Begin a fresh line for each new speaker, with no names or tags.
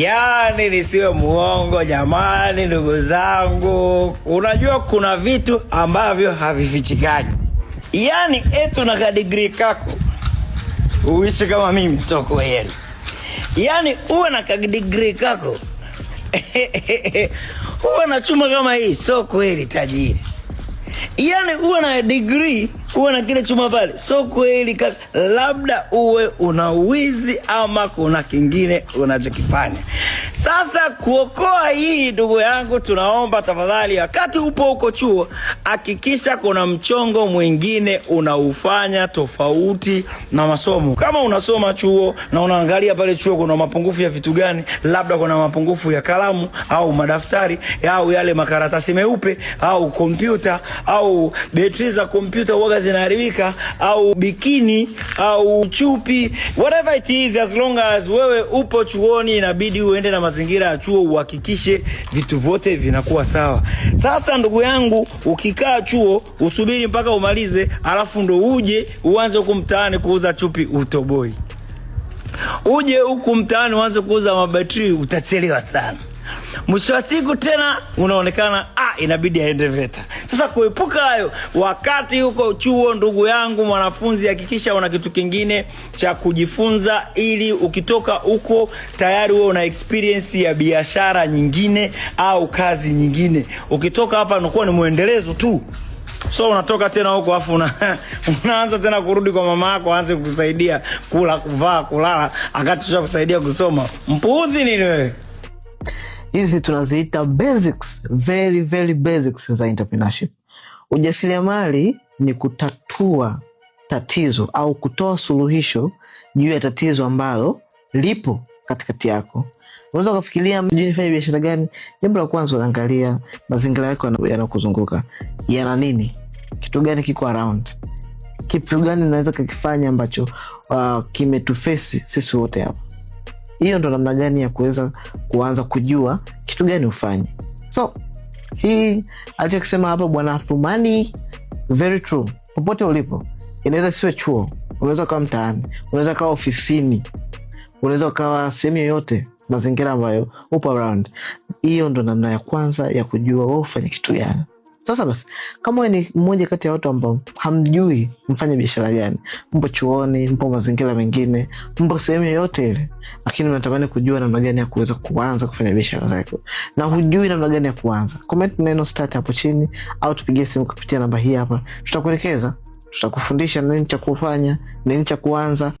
yani nisiwe muongo jamani, ndugu zangu, unajua kuna vitu ambavyo havifichikani. Yani etu eh, na kadigrii kako uishi kama mimi, soko kweli. Yani uwe na kadigrii kako uwe na chuma kama hii, sio tajiri yani uwe na degree uwe na kile chuma pale, so kweli kaka, labda uwe una wizi ama kuna kingine unachokifanya. Sasa kuokoa hii, ndugu yangu, tunaomba tafadhali, wakati upo huko chuo, hakikisha kuna mchongo mwingine unaufanya tofauti na masomo. Kama unasoma chuo na unaangalia pale chuo kuna mapungufu ya vitu gani, labda kuna mapungufu ya kalamu au madaftari au yale makaratasi meupe au kompyuta au betri za kompyuta uoga zinaharibika au bikini au chupi, whatever it is, as long as wewe upo chuoni inabidi uende na mazingira ya chuo uhakikishe vitu vyote vinakuwa sawa. Sasa ndugu yangu, ukikaa chuo usubiri mpaka umalize, alafu ndo uje uanze huku mtaani kuuza chupi, utoboi. Uje huku mtaani uanze kuuza mabatri, utachelewa sana. Mwisho wa siku tena unaonekana inabidi aende VETA. Sasa kuepuka hayo, wakati huko chuo, ndugu yangu mwanafunzi, hakikisha una kitu kingine cha kujifunza, ili ukitoka huko tayari wewe una experience ya biashara nyingine au kazi nyingine. Ukitoka hapa unakuwa ni mwendelezo tu. So unatoka tena huko afu una, unaanza tena kurudi kwa mama yako aanze kukusaidia kula, kuvaa, kulala, akati kusaidia kusoma. Mpuuzi nini wewe?
hizi tunaziita basics, very, very basics za entrepreneurship. Ujasiriamali ni kutatua tatizo au kutoa suluhisho juu ya tatizo ambalo lipo katikati yako. Unaweza ukafikiria sijui nifanye biashara gani? Jambo la kwanza unaangalia mazingira yako yanayokuzunguka yana nini, kitu gani kiko around, kitu gani unaweza kakifanya ambacho uh, kimetufesi sisi wote hapa hiyo ndo namna gani ya kuweza kuanza kujua kitu gani ufanye. So hii alichokisema hapa Bwana thumani very true. Popote ulipo, inaweza siwe chuo, unaweza ukawa mtaani, unaweza ukawa ofisini, unaweza ukawa sehemu yoyote, mazingira ambayo upo around. Hiyo ndo namna ya kwanza ya kujua wa ufanye kitu gani. Sasa basi, kama wewe ni mmoja kati ya watu ambao hamjui mfanye biashara gani, mpo chuoni, mpo mazingira mengine, mpo sehemu yoyote ile, lakini unatamani kujua namna gani ya kuweza kuanza kufanya biashara zako na hujui namna gani ya kuanza, comment neno start hapo chini, au tupigie simu kupitia namba hii hapa, tutakuelekeza, tutakufundisha nini cha kufanya, nini cha kuanza.